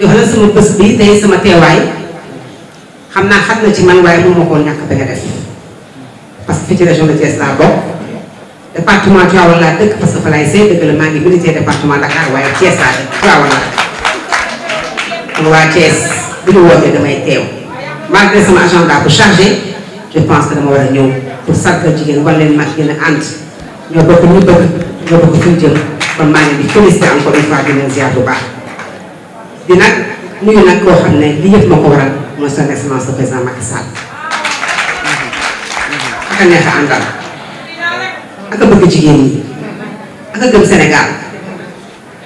jox la sama bés bi tey sama teewaay xam naa xam na ci man waaye moom moo ko ñàkk ba def parce que fii ci région de Thiès laa bokk département Tivaouane laa dëkk parce que fa laay sëy dëgg la maa ngi militaire département Dakar waaye Thiès laa dëkk Tivaouane damay teew malgré sama agenda bu chargé je pense que dama war a ñëw pour sargal jigéen war leen gën a ànd ñoo bokk ñu bëgg ñoo bokk fuñ jëm kon maa ngi di félicité encore une fois di leen ziar bu baax di nag nuyu nag koo xam ne li yëpp ma ko waral mooy son excellence le président Macky Sall. neex a àndal bëgg jigéen ñi ak a gëm Sénégal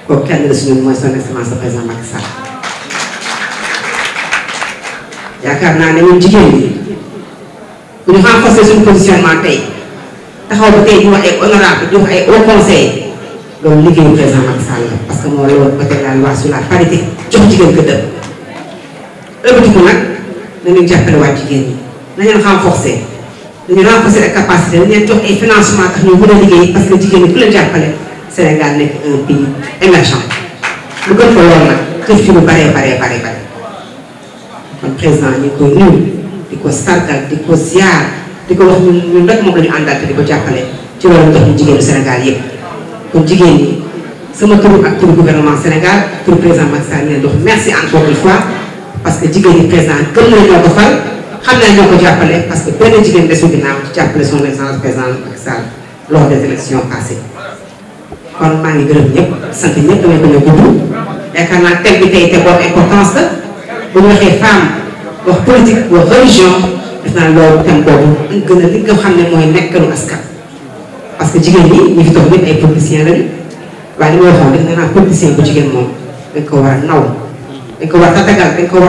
kooku kenn la suñu mooy son excellence le président Macky yaakaar naa ne ñun jigéen ñi bu ñu renforcer suñu positionnement tey taxaw ba tey ñu wax ay honorable ñu wax ay haut conseil. loolu liggéeyu président Macky Sall la parce que moo la woon côté la loi sur parité jox jigéen ko dëpp ëbbatiku nag dañuy jàppale waat jigéen ñi nañu renforcer dañu renforcer ak capacité dañu leen jox ay financement tax ñu a ngi di ko sargal di ko ziar di ko wax ñun ñun rek moom la ñu àndal te di ko jàppale ci loolu jox ñu jigéenu Sénégal yëpp kon jigéen ñi sama turu ak turu gouvernement Sénégal turu président Macky Sall leen dox merci encore parce que jigéen ñi président gën na ñoo ko fal xam naa ñoo ko jàppale parce que benn jigéen desu ginnaaw jàppale son excellence président Macky Sall des élections passées kon maa ngi gërëm ñëpp sant ñëpp damay bañ a gudd yaakaar naa thème bi tey te boobu importance bu ñu waxee femme wax politique wax religion def naa loolu thème boobu gën a li xam parce que jigéen ñi ñu fi toog ñëpp ay politicien lañu waaye a naw dañ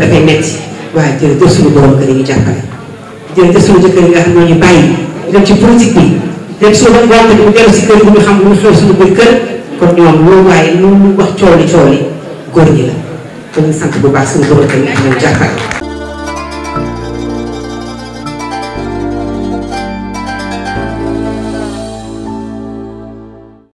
dafay metti waaye jërëjëf suñu borom jëkkër yi nga xam ñoo ñu dem ci politique bi dem suñu borom kër yi ñu dellu si kër bu ñu xam lu ñu xew suñu biir kër kon ñoom loolu waaye loolu wax cooli cooli góor gi la kon ñu sant bu baax suñu góor ñoom jàppale